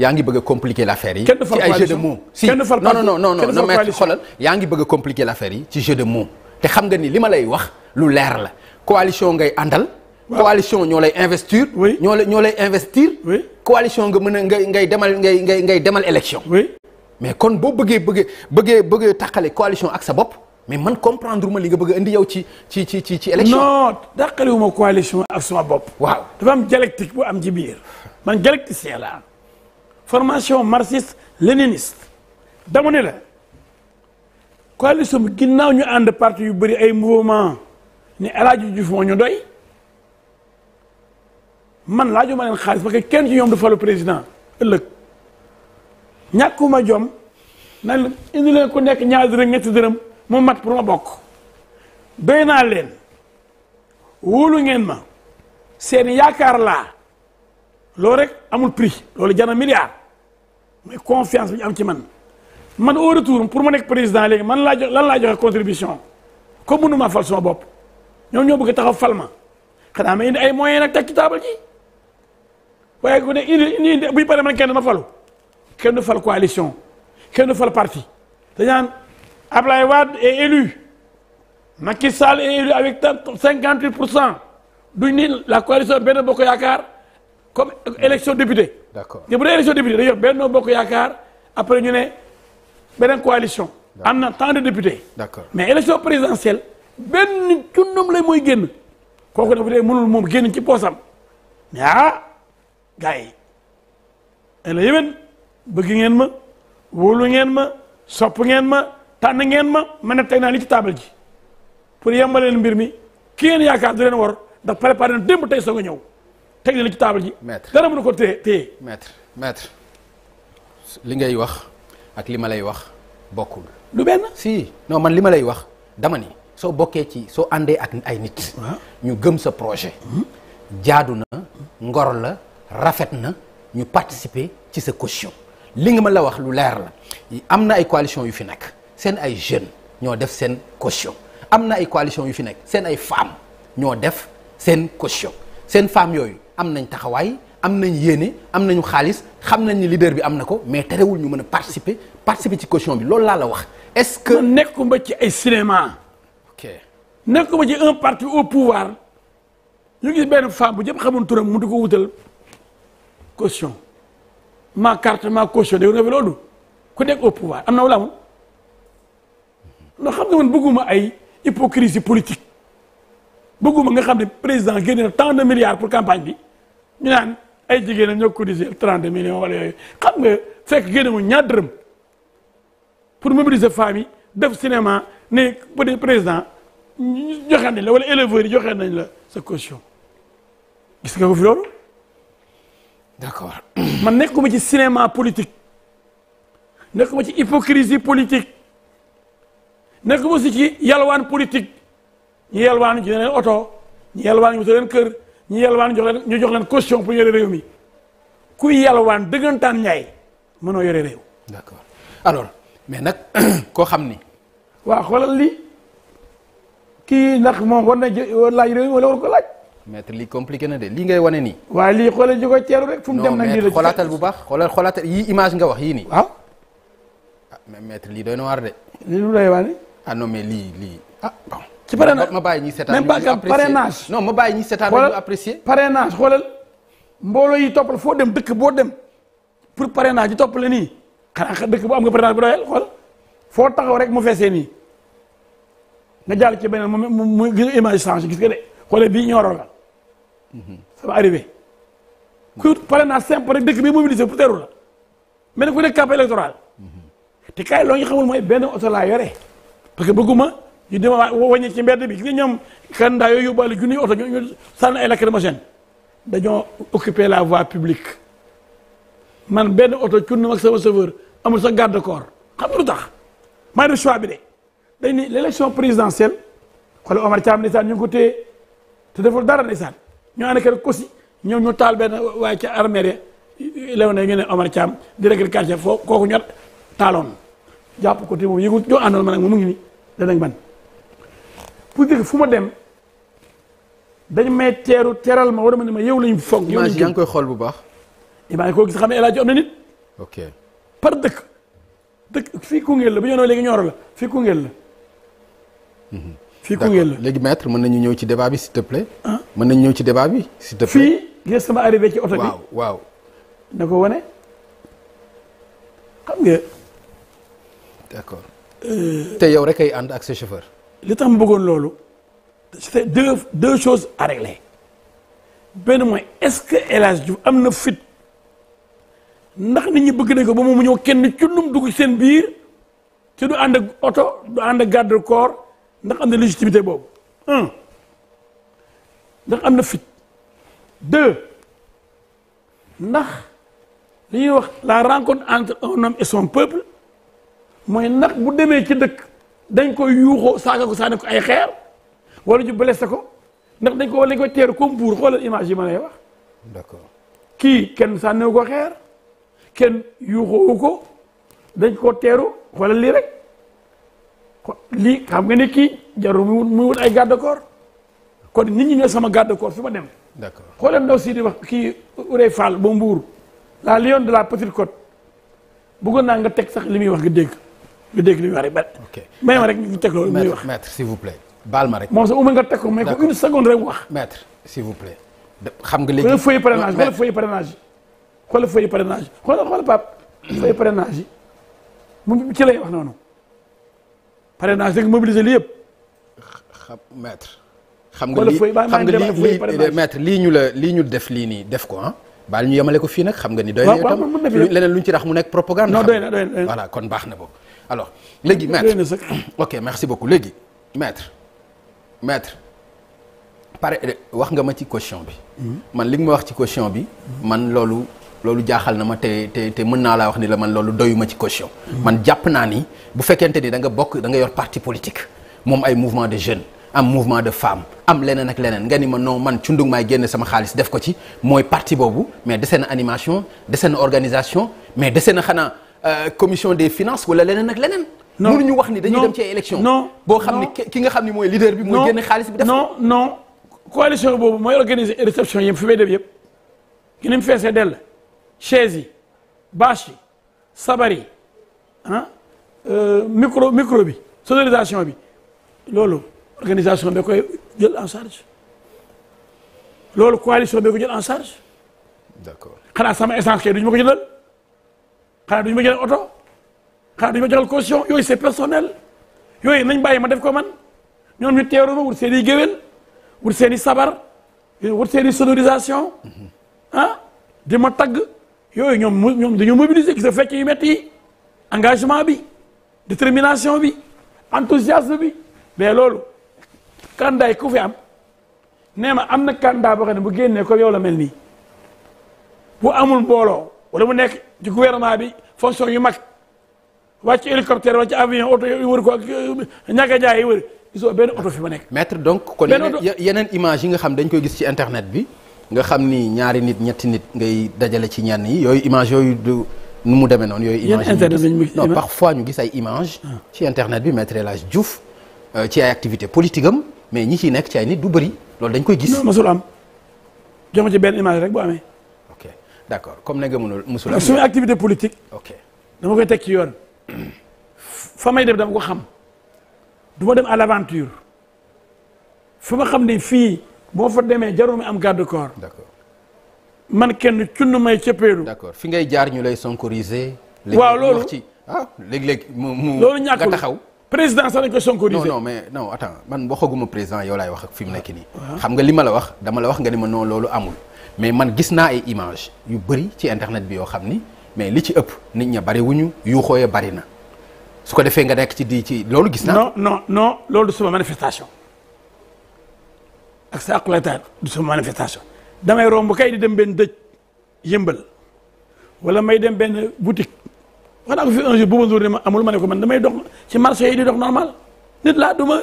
yaa ngi bëgg a compliquer l'affaire yi. ci ay jeu de mots si non non non non yaa ngi bëgg a compliquer l'affaire yi ci jeu te xam nga ni li ma lay wax lu leer la coalition ngay àndal. coalition ñoo lay investir. ñoo lay ñoo lay investir. coalition nga mën a ngay ngay demal ngay ngay ngay demal élection. mais kon boo bëggee bëggee bëggee bëggee tàqale coalition ak sa bopp mais man comprendre ma li nga bëgg indi yow ci ci ci ci ci élection. non tàqalewuma coalition ak suma bopp. waaw dafa am dialectique bu am ci biir man dialecticien laa formation marxiste léniniste dama ne la coalition bi ginnaaw ñu ànd partie yu bëri ay mouvement ne El Hadji Diouf moo ñu doy man laaju ma leen xaalis parce que kenn ci ñoom du falu président ëllëg ñàkkuma jom na indi leen ku nekk ñaar dërëm ñetti dërëm mu mat pour ma bokk doy naa leen wóolu ngeen ma seen yaakaar laa loolu rek amul prix loolu jana milliard mooy confiance bi ñu am ci man man au retour pour ma nekk président léegi man laa jox lan laa joxe contribution comme ma fal sama bopp ñoom ñoo bëgg taxaw fal ma xanaa ma indi ay moyens nag teg ci taabal ji waaye ku ne indi indi buy pare man kenn ma falu kenn du fal coalition kenn du fal parti dañaan Ablaye Wade est élu Macky Sall est élu avec cinquante huit pour cent du ni la coalition benn bokk yaakaar comme élection député d'accord te bu dee élection député dañuy wax Benno Bokk Yaakaar après ñu ne beneen coalition. am na tant de députés. d'accord mais élection présidentielle benn cundum lay mooy génn kooku nag bu dee mënul moom génn ci poosam mais ah gars yi la yéwén bëgg ngeen ma wóolu ngeen ma sopp ngeen ma tànn ngeen ma man ne teg naa li ci table ji pour yembaleen mbir mi ki ngeen yaakaar du leen war ndax préparé na démb tey soog a ñëw. teg na table ji. maître dara mënu ko téye téye. maître maître li ngay wax ak li ma lay wax bokkul. lu benn si non man li ma lay wax dama ni soo bokkee ci soo àndee ak ay nit. Ah. ñu gëm sa projet. Hmm? jaadu na ngor la rafet na ñu participer ci sa costion li nga ma la wax lu leer la am na ay coalition yu fi nag seen ay jeunes ñoo def seen costion am na ay coalition yu fi nekk seen ay femmes ñoo def seen caution seen femmes yooyu. am nañ taxawaay am nañ yéene am nañu xaalis xam nañ ni leader bi am na ko mais terewul ñu mën a participer participer ci caution bi loolu laa la wax est-ce que. nekkuma ci ay cinéma. ok nekkuma ci un partie au pouvoir ñu gis benn femme bu ñëpp xamul turam mu di ko wutal caution ma carte ma caution dégg nga fi loolu ku nekk au pouvoir am na wala amul xam nga man bëgguma ay hypocrisie politique bëgguma nga xam ne président génne na tant de milliards pour campagne bi. ñu naan ay jigéenam ñoo cotiser trente de wala yooyu xam nga fekk génne mu ñaar dërëm pour mobiliser femmes yi def cinéma ne peut président joxe nañ la wala éleveurs yi joxe nañ la sa caution gis nga ko fi loolu. d'accord man nekkuma ci cinéma politique nekkuma ci hypocrisie politique nekkuma si ci yalwaan politique ñu yalwaan ñu ci leen oto ñu yalwaan ñu ci leen kër. ñu yalwaan jox leen ñu jox leen caution pour yore réew mi kuy yalwaan dëggantaan ñaay mënoo yore réew. d'accord alors mais nag koo xam ni. waaw xoolal lii kii ndax moom war na laaj réew mi wala war ko laaj. maître lii compliqué na de lii ngay wane ni waa lii xoolal ñu koy rek. fu mu dem na nii la bu baax xoolal xoolaatal yii image nga wax yii ni waaw. ah mais maître lii doy na waar de. lii lu doy waar de. Ah, lii lii ah ci parrainage ma bàyyi ñi seetaan même pas parrainage non ma bàyyi ñi seetaan ñu apprécier parrainage xoolal mbooloo yi toppal foo dem dëkk boo dem pour parrainage yi toppale nii xanaa dëkk bu am nga parrainage bu doyal xool foo taxaw rek mu feesee nii nga jàll ci beneen mu mu gis image change gis nga de xoolal bii ñoroo la ça va arriver mhm. ku parrainage simple rek dëkk bi mobilisé pour teeru la mel ni ku nekk campagne électorale mhm. te kaay loo ñu xamul mooy benn oto laa yore parce que bëgguma ñu dem wàññi ci mbedd bi gis nga ñoom kandaa yooyu yóbbaale junniy oto ñu ñu sànni ay lacrymogène dañoo occuper la voie publique man benn oto cunnam ak sama chauffeur amul sa garde corps xam nga lu tax maa ngi def choix bi de dañ ni l' élection présidentielle xoolal Omar Thiam ndeysaan ñu ngi ko téye te deful dara ndeysaan ñoo ànd ak kosi ñoom ñu taal benn waaye ca armée lew na ñu ne Omar Thiam directeur quartier foo kooku ñor taaloon jàpp ko te moom yëgu ñoo àndoon man ak moom mu ngi ni danañ man pour dire fu ma dem dañ may teeru teral ma war a ma ne ma yow lañ foog. yow lañ yaa ngi koy xool bu baax. maa ngi ko gis xam ne El Hadj na nit. ok par dëkk dëkk fii Koungheul la bu ñu nee léegi Nioro la fii Koungheul la. Mhm. fii Koungheul la mën nañu ñëw ci débat bi s'il te plaît. Ah. mën nañu ñëw ci débat bi s'il fii gis sama arrivé ci oto bi waaw waaw. na ko wane xam nga. Euh, te yow rek ay ànd ak sa chauffeur. li tax mu bëggoon loolu c'est deux deux choses à régler benn mooy est-ce que El am na fit ndax nit ñi bëgg nañ ko ba mu ñëw kenn cullum dugg seen biir te du ànd ak oto du ànd ak garde corps ndax am na légitimité boobu un ndax am na fit deux ndax li ñuy wax la rencontre entre un homme et son peuple mooy ndax bu demee ci dëkk dañ koy yuuxoo saaga ko sànni ko ay xeer wala ñu blessé ko ndax dañ ko wala ko koy teeru comme buur xoolal image ma lay wax. d'accord kii kenn sànniwu ko xeer kenn yuuxoowu ko dañ ko teeru xoolal lii rek lii xam nga ne kii jarul muy wut ay garde corps kon nit ñi ñoo sama garde corps fi ma dem. d'accord xoolal ndaw sii di wax kii Urey Fall ba mbuur la liyoon de la petite côte bëggoon naa nga teg sax li muy wax nga dégg. ñu dégg li ñu ba. ok may ma rek ñu teg loolu muy wax maître s'il vous plaît. baal ma rek moom sax uma nga teg ko may ko une seconde rek wax. maître s'il vous plaît. xam nga léegi xoolal feuille parrainage xoolal feuille parrainage xoolal feuille parrainage xoolal xoolal Pape feuille parrainage yi mu ci lay wax noonu parrainage rek mobiliser li yëpp. xam maître. xam nga lii xam nga lii maître lii ñu la lii ñu def lii nii def ko ah. baal ñu yemale xam nga ni doy na itam leneen lu ci rax mu nekk propagande. non doy kon baax na boobu. alors léegi maître ok merci beaucoup léegi maire maire pare wax nga ma ci question bi. Hmm? man li nga ma wax ci question bi. man loolu loolu jaaxal na ma te te te mën naa laa wax ni la man loolu doyuma ci question. Hmm. man jàpp naa ni bu fekkente ni da nga bokk da nga yor parti politique moom ay mouvement de jeunes am mouvement de femmes am leneen ak leneen nga ni ma noo man cundug maay génne sama xaalis def ko ci mooy parti boobu mais dese na animation dese na organisation Euh, commission des finance wala leneen ak leneen. non ñu wax ni dañuy dem ci élection non boo xam ne ki nga xam ne mooy leader bi. mooy génn xaalis bi def non non. coalition boobu mooy organiser réception yëpp fi may dem ki ni mu feesee dell chaise yi bâche yi sabar yi ah, euh, micro micro bi sonorisation bi loolu organisation bi jël en charge loolu coalition bi ko jël en charge. d'accord xanaa sama essence kay duñu ma ko jëlal. xanaa duñu ma jëlal oto xanaa duñu ma joxal caution yooyu c'est personnel yooyu nañ bàyyi ma def ko man ñoom ñu teeru wut seen i géwél wut seen i sabar wut seeni i ah di ma tagg yooyu ñoom ñoom dañoo mobiliser gis nga fecc yu métti engagement bi détermination bi enthousiasme bi mais loolu candidat ku fi am nee ma am na candidat boo xam ne bu génnee ko yow la mel nii bu amul mbooloo wala mu nekk ci gouvernement bi fonction yu mag wàcc hélicoptère wàcc avion oto yu wër ko ak ñàkk a jaay yi wër gisoo benn oto fi ma nekk. maître donc kon yeneen image yi nga xam dañ koy gis ci internet bi nga xam ni ñaari nit ñetti nit ngay dajale ci ñenn yi yooyu image yooyu du nu mu demee noonu. yooyu image yi non parfois ñu gis ay image ah. ci internet bi maître El Hadj Diouf euh, ci ay activité politique am mais ñi ciy nekk ci ay nit du bëri loolu dañ koy gis. non mosul am jox ma rek bu amee. d'accord comme ne nga mënul musul am suñu activité politique. ok dama koy teg ci yoon. fa may dem dama ko xam. du ma dem à l'aventure. fa ma xam ne fii boo fa demee jarul mi am garde corps. d'accord man kenn cunn may cëppeelu. d'accord fi ngay jaar ñu lay sonkoriser. waaw loolu léegi ci ah léeg-léeg mu mu. loolu ñàkkul nga taxaw. président sax dañ ko sonkorisé non non mais non attends man waxaguma président yow laay wax ak fi mu nekk nii. Ah. xam nga li ma la wax dama la wax nga ne ma non loolu amul. mais man gis naa ay image yu bëri ci internet bi yoo xam ni mais li ci ëpp nit ña bëri wuñu yu xooyee bari na su ko defee nga nekk ci di ci loolu gis naa no non non loolu du sama manifestation ak sa aqulataar du sama manifestation damay romb kay di dem benn dëj yëmbal wala may dem benn boutique wax naa ko fi un jour boobu nduur ma amul ma ne ko man damay dox ci marché yi di dox normal nit laa du ma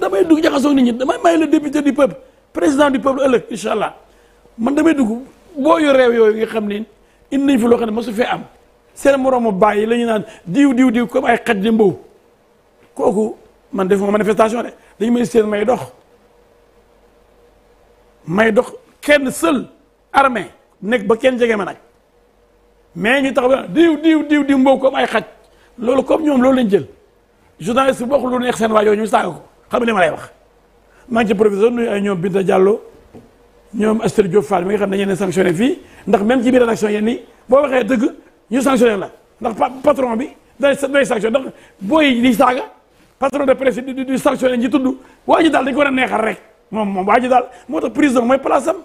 damay dugg jaxasoo nit ñi damay may le député du peuple président du peuple ëllëg incha allah man damay dugg boo yu réew yooyu nga xam ne indi nañ fi loo xam ne mosu fee am seen moroomu bàyyi la ñu naan diw diw diw comme ay xaj di mbow kooku man defuma manifestation de dañu may seen may dox may dox kenn sël armée nekk ba kenn jege ma nag mais ñu taxaw diw diw diw diw mbow comme ay xaj loolu comme ñoom loolu lañ jël journaliste bu wax lu neex seen waajoo ñu saaga xam ne ma lay wax maa ngi ci professeur nuyu ay ñoom Binta Diallo ñoom Astor Diop Fall mi nga xam ne dañu sanctionné fii ndax même ci biir rédaction nii boo waxee dëgg ñu sanctionné la ndax patron bi day day sanctionné ndax booy di saaga patron de presse du du sanctionné ñi tudd waa ji daal dañu ko war a neexal rek moom moom waa ji daal moo tax prison mooy place am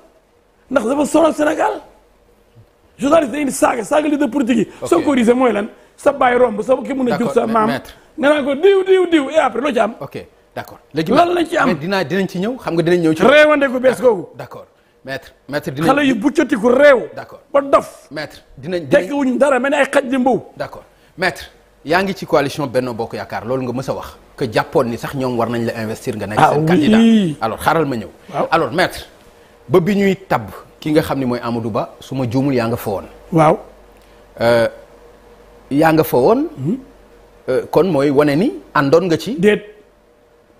ndax dafa sonal Sénégal journaliste dañuy saaga saaga leader politique yi. ok ko corrigé mooy lan sa bàyyi romb sa ki mun a jur sa maam nga naan ko diw diw diw et après loo ci am. ok d'accord ci am mais dinañ ci ñëw xam nga dinañ ñëw ci. réewande gu maître maître dinañ xale yu buccatiku réew. d'accord ba dof. maître dinañ dinañ tekkiwuñ dara mel ay xaj li mbaw. d'accord maître yaa ngi ci coalition Benno Bokk Yaakaar loolu nga mës a wax. que jàppoon ni sax ñoom war nañ la investir nga nekk ah seen candidat alors xaral ma ñëw. alors maître ba bi ñuy tabb ki nga xam ni mooy Amadou Ba su ma juumul yaa nga fa woon. Euh, yaa nga fa woon. Hmm? Euh, kon mooy wane ni àndoon nga ci. déet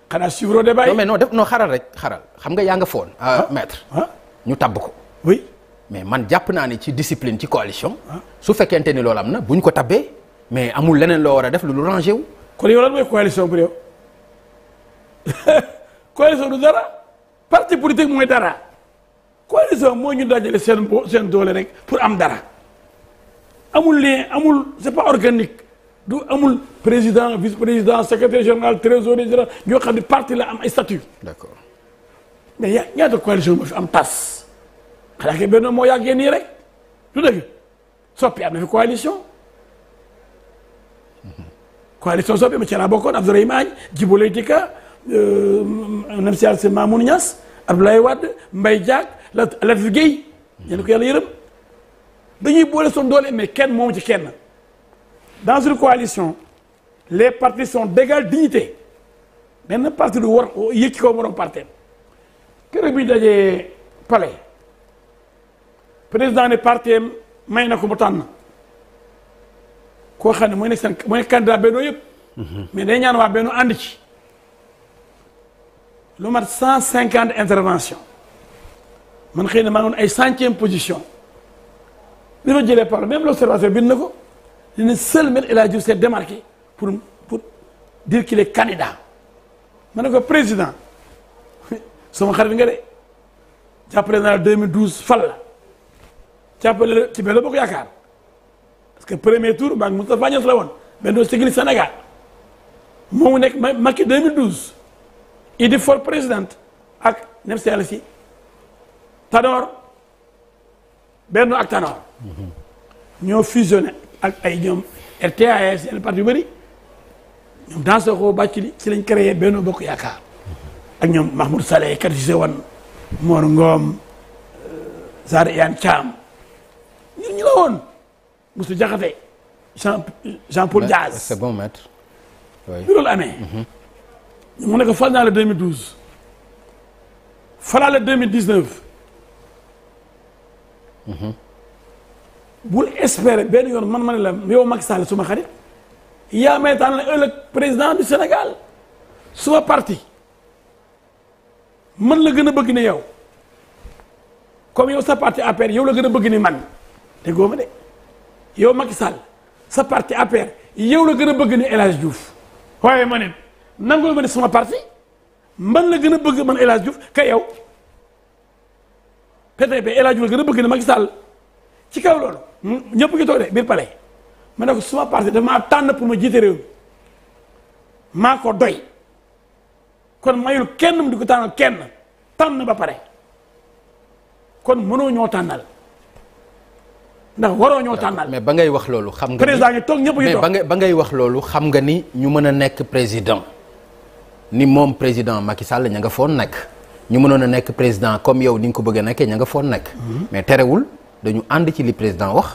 xanaa suivre def non xaral rek xaral xam nga yaa nga fa woon. Euh, ah. ñu tabb ko. oui mais man jàpp naa ne ci discipline ci coalition. Ah. su fekkente ni loolu am na bu ñu ko tabbee mais amul leneen loo war a def lu rangé wu. kon yow lan mooy coalition bu réew du dara parti politique mooy dara coalition moo ñu dajale seen seen doole rek pour am dara amul lien amul c'est pas organique du amul président vice président secrétaire général trésorier général ñoo xam ne parti la am ay statut d'accord mais ya ñaata coalition moo fi am mm-hmm. tas xanaa kay benn moo yàggee nii rek du dëgg soppi am na fi coalition. coalition soppi ma ci laa bokkoon Abdourahmane Agne Djibo Leyti nam euh, si yàlla si Mamoun Niass Abdoulaye Wade Mbaye Diack Latif Guèye ñeen ko yàlla yërëm dañuy boole soon doole mais kenn moom ci kenn dans une coalition les partis sont d'égale dignité benn parti du war yëkki ko moroom parteem keroog bi ñu dajee palais président ne parti may na ko mu tànn koo xam ne mooy nekk seen mooy candidat Benno yëpp. Mhm. mais day ñaan waa Benno ànd ci. lu mat cent cinquante intervention man xëy na maa ngi woon ay centième position li ma jëlee parole même l'observateur bind na ko li ne seul Me El Hadji Diouf s'est démarqué pour pour dire qu'il est ne ko président. sama xarit nga de jàppale naa 2012 fal la jàppale ci benn bokk yaakaar parce que premier tour ba ngi Moustapha Niass la woon Benno Siggil Sénégal moomu nekk Macky 2012 Idy for présidente ak nem si yàlla benn Tanor ak Tanor ñoo fusionné ak ay ñoom RTA yenn parti yu bëri ñoom dans ce xoo bàcc li ci lañ créé Benno Bokk Yaakaar ak ñoom Mahmoud Saleh kat si woon Mor Ngoom Saare euh, Yaan Thiam ñun ñu la woon Moussa Diakhaté Jean Paul Diaz bi loolu amee. Mhm. mu ne ko fal naa la mhm. bul espérer benn yoon man ma ne la yow Macky Sall suma xarit yaa may tànn ëllëg président du Sénégal suma parti. man la gën a bëgg ne yow comme yow sa parti APR yow la gën a bëgg ni man déggoo ma de yow Macky Sall sa parti APR yow la gën a bëgg ni El Hadj waaye ma ne nangul ma ne sama parti man la gën a bëgg man El Hadj Diouf ka yow PTP be Hadj Diouf la gën a bëgg ne Macky ci kaw loolu ñëpp ki toog de biir palais ma ne ko suma parti daf maa tànn pour ma jiite réew mi maa ko doy. kon mayul kenn mu di ko tànnal kenn tànn ba pare kon mënoo ñoo tànnal ndax waroo ñoo tànnal. mais ba ngay wax loolu xam nga. président ñu toog ñëpp ñu ba ngay wax loolu nga ni ñu mën a nekk président ni moom président Macky Sall ña nga foon nag ñu mënoon a nekk président comme yow ni nga ko bëggee a nekkee ña nga foon nag mhm. mais terewul dañu ànd ci li président wax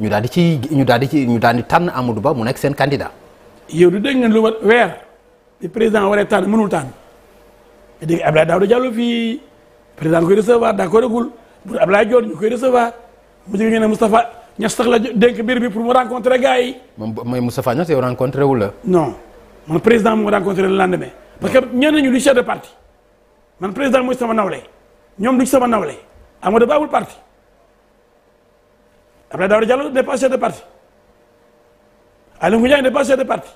ñu daal di ci ñu daal di ci ñu daal di tànn Amadou Ba mu nekk seen candidat. yow du dégg nga lu weer li président waree tànn mënul tànn. dégg nga Abdoulaye Daouda Diallo fii président koy recevoir daa ko régul bu Abdoulaye Dior ñu koy recevoir mu jógee ne Moustapha Niass sax la dénk biir bi pour mu rencontrer gars yi. moom mooy Moustapha Niass yow rencontré wu la. non man président moo rencontré le lendemain. parce que ñu du chef de parti man président mooy sama nawle ñoom duñ sama nawle Amadou Ba wul parti Abdoulaye ne Diallo n'est pas chef de parti Aly Ngouille Ndiaye n'est pas chef de parti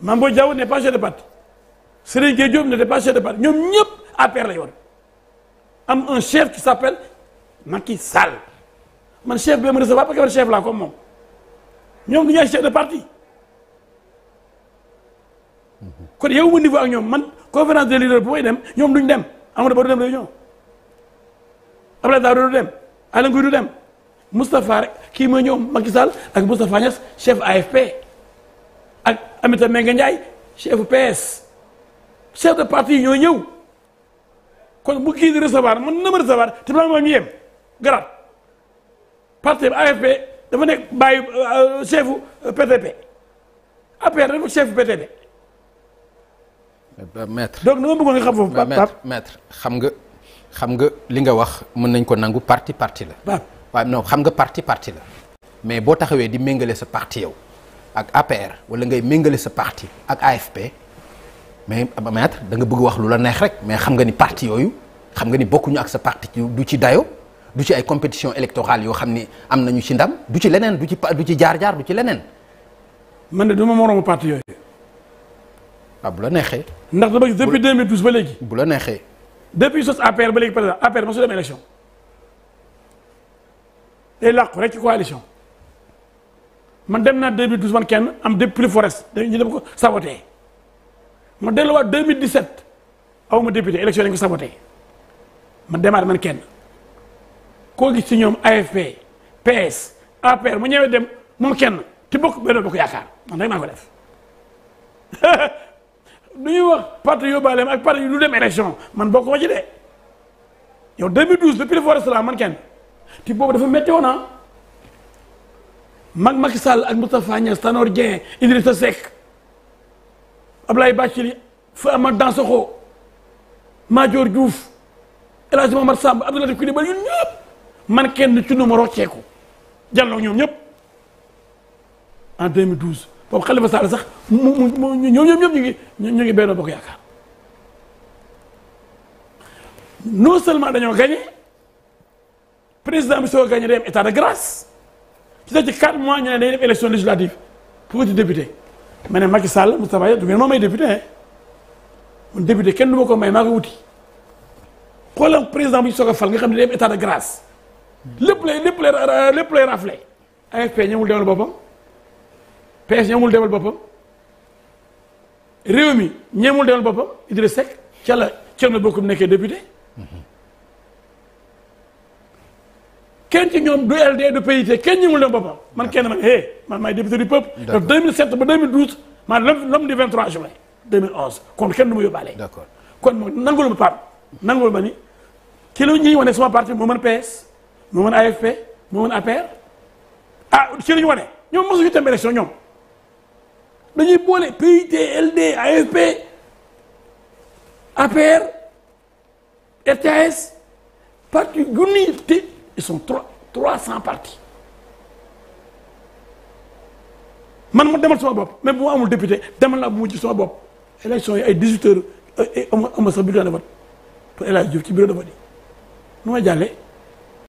Mame Boye Diao n'est pas chef de parti. Serigne Gueye Diop n'était pas chef de parti ñoom ñëpp APR la yoon am un chef qui s'appelle Macky Sall man chef bi ma recevoir parce que man chef laa comme de parti kon yow ma niveau ak ñoom man conférence des leaders bu dem ñoom duñ dem Amadou Ba du dem réunion Abdoulaye Daouda du dem Aly Ngouille du dem Moustapha rek kii mooy ñoom Macky ak Moustapha Niass chef AFP ak Aminata Mbengue Ndiaye chef PS chef de parti yi ñoo ñëw kon bu kii di recevoir mën na ma recevoir te balaa ma ñu yem garaat parti bi AFP dafa nekk bàyyi euh, chefu euh, PTP APR dafa chefu PTP. Euh, maître donc dama bëggoon nga xam foofu. Pape maître xam nga xam nga li nga wax mën nañ ko nangu parti parti la. waaw waaw xam nga parti parti la. mais boo taxawee di méngale sa parti yow ak APR wala ngay méngale sa parti ak AFP. mais maître danga nga bëgg wax lu la neex rek mais xam nga ni parti yooyu xam nga ni bokkuñu ak sa parti du ci dayo du ci ay compétition électorale yoo xam ni am nañu ci ndam du ci leneen du ci du ci jaar-jaar du ci leneen. man de du ma moroomu parti yooyu. ah bu la neexee. ndax dama gis depuis 2012 ba léegi. bu la neexee. depuis sos APR ba léegi par exemple APR mosu dem élection day làqu rek ci coalition man dem naa 2012 man kenn am depuis forest dañu ko saboté. ma delluwaat 2017 aw ma député élection dañ ko saboté ma démarré man kenn koo ci ñoom AFP mu ñëwee dem moom kenn te bokk benn bokk yaakaar man rek maa ko ñuy wax parti yóbbaaleem ak parti yu du dem man bokk ma ci de yow 2012 depuis le forestera man kenn te boobu dafa métti woon ah mag Macky Sall ak Moustapha Niass Tanor Dieng Idrissa Seck. Ablaye Bachili fa Amath Dansokho Madior Diouf El Hadj Momar Samb Abdoulaye Coulibaly ñun ñëpp man kenn ci nu ma rocceeku jàlloo ñoom ñëpp en 2012 boobu Khalifa Sall sax mu mu mu ñoom ñëpp ñu ngi ñu ngi Benno Bokk Yaakaar non seulement dañoo gagné président bi soo gagné day am état de grâce ci sax ci 4 mois ñu ne dañuy def élection législative pour di député. ma ne Macky Sall Moustapha Niasse du ngeen ma may député hein député kenn du ma ko may maa ko wuti xoolal président bi soo soog fal nga xam ne day am de grâce lépp lay lépp lay lépp lay raflé AFP ñamul demal boppam PS ñamul demal boppam réew mi ñamul demal boppam Idrissa Seck ca la Thierno Bocoum nekkee député mhm. kenn ci ñoom du LD du PIT kenn ñëwul dem boppam man kenn man hey man maay député du peuple. d' accord de 2007 ba 2012 maa l'homme du 23 juin 2011 kon kenn du ma yóbbaale. d' accord kon moom nangul ma Pape nangul ma ni ki la ñuy wane sama parti moo mën PS moo mën AFP moo mën APR ah ci la wane ñoom mosuñu dem élection ñoom dañuy boole PIT LD AFP APR RTS parti gunni ils sont trois trois cent partis man ma demal sama bopp même bu ma amul député demal naa bu ma ci sama bopp élection yi ay 18 heures am sax bulletin de vote pour El Hadj Diouf ci bureau de vote yi nu may jàllee.